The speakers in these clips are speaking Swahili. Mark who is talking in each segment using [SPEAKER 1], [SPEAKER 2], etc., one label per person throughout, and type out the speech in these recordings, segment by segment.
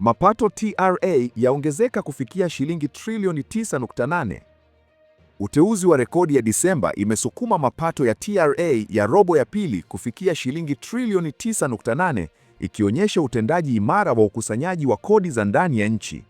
[SPEAKER 1] Mapato TRA yaongezeka kufikia shilingi trilioni 9.8. Uteuzi wa rekodi ya Disemba imesukuma mapato ya TRA ya robo ya pili kufikia shilingi trilioni 9.8, ikionyesha utendaji imara wa ukusanyaji wa kodi za ndani ya nchi.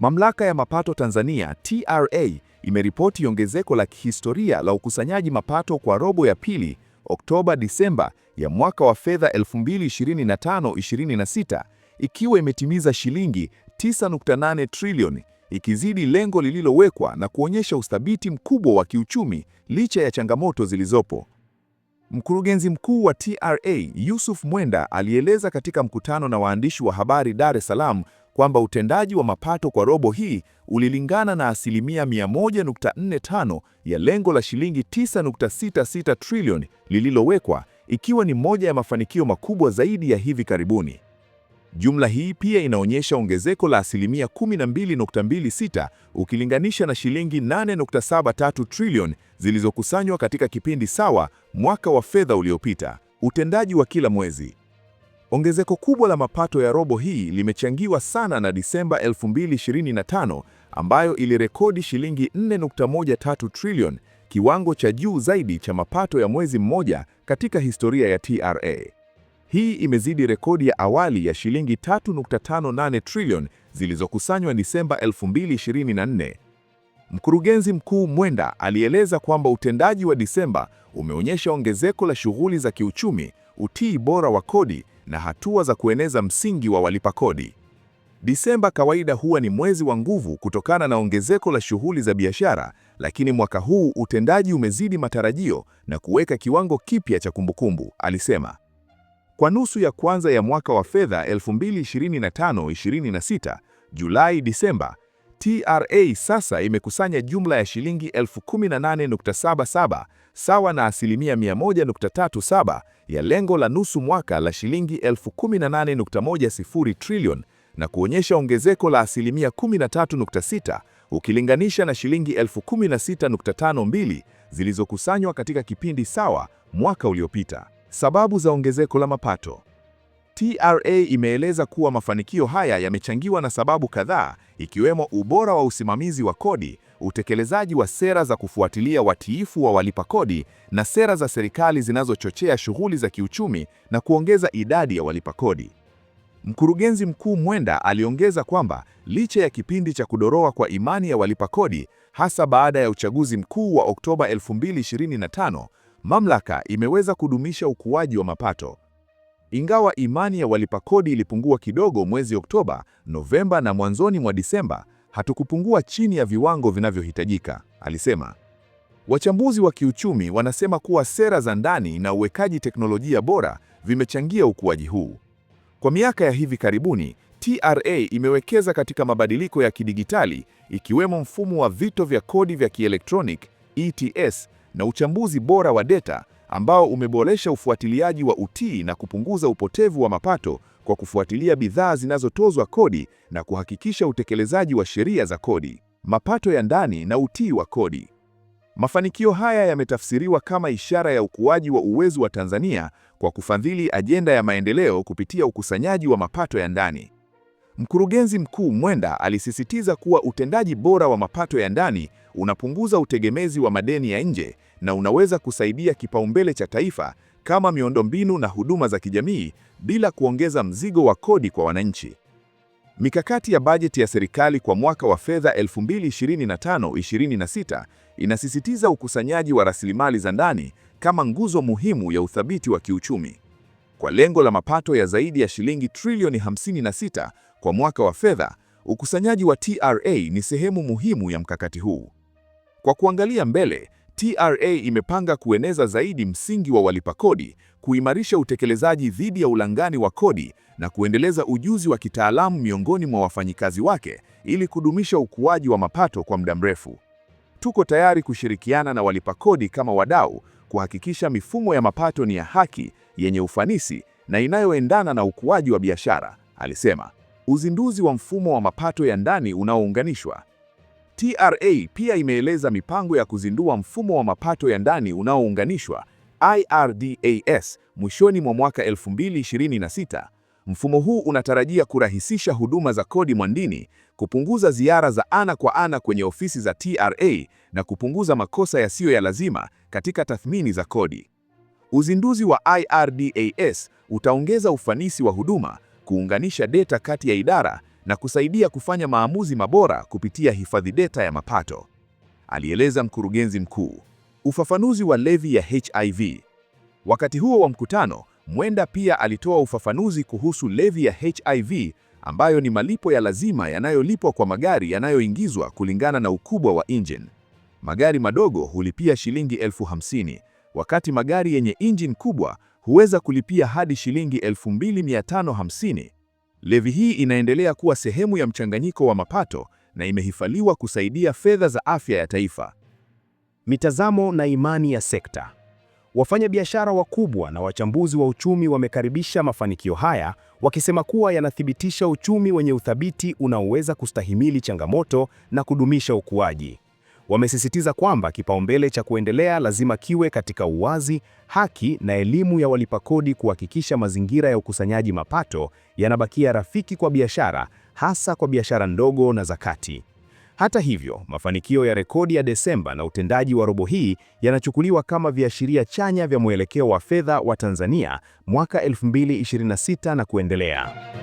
[SPEAKER 1] Mamlaka ya Mapato Tanzania TRA imeripoti ongezeko la kihistoria la ukusanyaji mapato kwa robo ya pili Oktoba Disemba ya mwaka wa fedha 2025-2026 ikiwa imetimiza shilingi 9.8 trilioni, ikizidi lengo lililowekwa na kuonyesha uthabiti mkubwa wa kiuchumi licha ya changamoto zilizopo. Mkurugenzi mkuu wa TRA Yusuf Mwenda alieleza katika mkutano na waandishi wa habari Dar es Salaam kwamba utendaji wa mapato kwa robo hii ulilingana na asilimia 145 ya lengo la shilingi 9.66 trilioni lililowekwa, ikiwa ni moja ya mafanikio makubwa zaidi ya hivi karibuni. Jumla hii pia inaonyesha ongezeko la asilimia 12.26 ukilinganisha na shilingi 8.73 trilioni zilizokusanywa katika kipindi sawa mwaka wa fedha uliopita. Utendaji wa kila mwezi. Ongezeko kubwa la mapato ya robo hii limechangiwa sana na Disemba 2025 ambayo ilirekodi shilingi 4.13 trilioni, kiwango cha juu zaidi cha mapato ya mwezi mmoja katika historia ya TRA. Hii imezidi rekodi ya awali ya shilingi 3.58 trillion zilizokusanywa Disemba 2024. Mkurugenzi Mkuu Mwenda alieleza kwamba utendaji wa Disemba umeonyesha ongezeko la shughuli za kiuchumi, utii bora wa kodi na hatua za kueneza msingi wa walipa kodi. Disemba kawaida huwa ni mwezi wa nguvu kutokana na ongezeko la shughuli za biashara, lakini mwaka huu utendaji umezidi matarajio na kuweka kiwango kipya cha kumbukumbu, alisema. Kwa nusu ya kwanza ya mwaka wa fedha 2025 26 Julai Disemba, TRA sasa imekusanya jumla ya shilingi 18.77 sawa na asilimia 100.37 ya lengo la nusu mwaka la shilingi 18.10 trillion na kuonyesha ongezeko la asilimia 13.6 ukilinganisha na shilingi 16.52 zilizokusanywa katika kipindi sawa mwaka uliopita. Sababu za ongezeko la mapato. TRA imeeleza kuwa mafanikio haya yamechangiwa na sababu kadhaa ikiwemo ubora wa usimamizi wa kodi, utekelezaji wa sera za kufuatilia watiifu wa walipa kodi na sera za serikali zinazochochea shughuli za kiuchumi na kuongeza idadi ya walipa kodi. Mkurugenzi Mkuu Mwenda aliongeza kwamba licha ya kipindi cha kudoroa kwa imani ya walipa kodi hasa baada ya uchaguzi mkuu wa Oktoba 2025, mamlaka imeweza kudumisha ukuaji wa mapato. Ingawa imani ya walipa kodi ilipungua kidogo mwezi Oktoba, Novemba na mwanzoni mwa Disemba, hatukupungua chini ya viwango vinavyohitajika, alisema. Wachambuzi wa kiuchumi wanasema kuwa sera za ndani na uwekaji teknolojia bora vimechangia ukuaji huu. Kwa miaka ya hivi karibuni, TRA imewekeza katika mabadiliko ya kidigitali ikiwemo mfumo wa vito vya kodi vya kielektroniki ETS na uchambuzi bora wa data ambao umeboresha ufuatiliaji wa utii na kupunguza upotevu wa mapato kwa kufuatilia bidhaa zinazotozwa kodi na kuhakikisha utekelezaji wa sheria za kodi, mapato ya ndani na utii wa kodi. Mafanikio haya yametafsiriwa kama ishara ya ukuaji wa uwezo wa Tanzania kwa kufadhili ajenda ya maendeleo kupitia ukusanyaji wa mapato ya ndani. Mkurugenzi Mkuu Mwenda alisisitiza kuwa utendaji bora wa mapato ya ndani unapunguza utegemezi wa madeni ya nje na unaweza kusaidia kipaumbele cha taifa kama miundombinu na huduma za kijamii bila kuongeza mzigo wa kodi kwa wananchi. Mikakati ya bajeti ya serikali kwa mwaka wa fedha 2025-2026 inasisitiza ukusanyaji wa rasilimali za ndani kama nguzo muhimu ya uthabiti wa kiuchumi kwa lengo la mapato ya zaidi ya shilingi trilioni 56 kwa mwaka wa fedha. Ukusanyaji wa TRA ni sehemu muhimu ya mkakati huu. Kwa kuangalia mbele, TRA imepanga kueneza zaidi msingi wa walipa kodi, kuimarisha utekelezaji dhidi ya ulangani wa kodi na kuendeleza ujuzi wa kitaalamu miongoni mwa wafanyikazi wake ili kudumisha ukuaji wa mapato kwa muda mrefu. Tuko tayari kushirikiana na walipa kodi kama wadau kuhakikisha mifumo ya mapato ni ya haki yenye ufanisi na inayoendana na ukuaji wa biashara, alisema. Uzinduzi wa mfumo wa mapato ya ndani unaounganishwa. TRA pia imeeleza mipango ya kuzindua mfumo wa mapato ya ndani unaounganishwa IRDAS mwishoni mwa mwaka 2026. Mfumo huu unatarajia kurahisisha huduma za kodi mwandini, kupunguza ziara za ana kwa ana kwenye ofisi za TRA na kupunguza makosa yasiyo ya lazima katika tathmini za kodi. Uzinduzi wa IRDAS utaongeza ufanisi wa huduma, kuunganisha data kati ya idara na kusaidia kufanya maamuzi mabora kupitia hifadhi data ya mapato, alieleza mkurugenzi mkuu. Ufafanuzi wa levi ya HIV. Wakati huo wa mkutano, Mwenda pia alitoa ufafanuzi kuhusu levi ya HIV ambayo ni malipo ya lazima yanayolipwa kwa magari yanayoingizwa kulingana na ukubwa wa engine. Magari madogo hulipia shilingi elfu hamsini wakati magari yenye injini kubwa huweza kulipia hadi shilingi 2550. Levi hii inaendelea kuwa sehemu ya mchanganyiko wa mapato na imehifadhiwa kusaidia fedha za afya ya taifa.
[SPEAKER 2] Mitazamo na imani ya sekta. Wafanyabiashara wakubwa na wachambuzi wa uchumi wamekaribisha mafanikio haya, wakisema kuwa yanathibitisha uchumi wenye uthabiti unaoweza kustahimili changamoto na kudumisha ukuaji. Wamesisitiza kwamba kipaumbele cha kuendelea lazima kiwe katika uwazi, haki na elimu ya walipa kodi kuhakikisha mazingira ya ukusanyaji mapato yanabakia rafiki kwa biashara, hasa kwa biashara ndogo na za kati. Hata hivyo, mafanikio ya rekodi ya Desemba na utendaji wa robo hii yanachukuliwa kama viashiria chanya vya mwelekeo wa fedha wa Tanzania mwaka 2026 na kuendelea.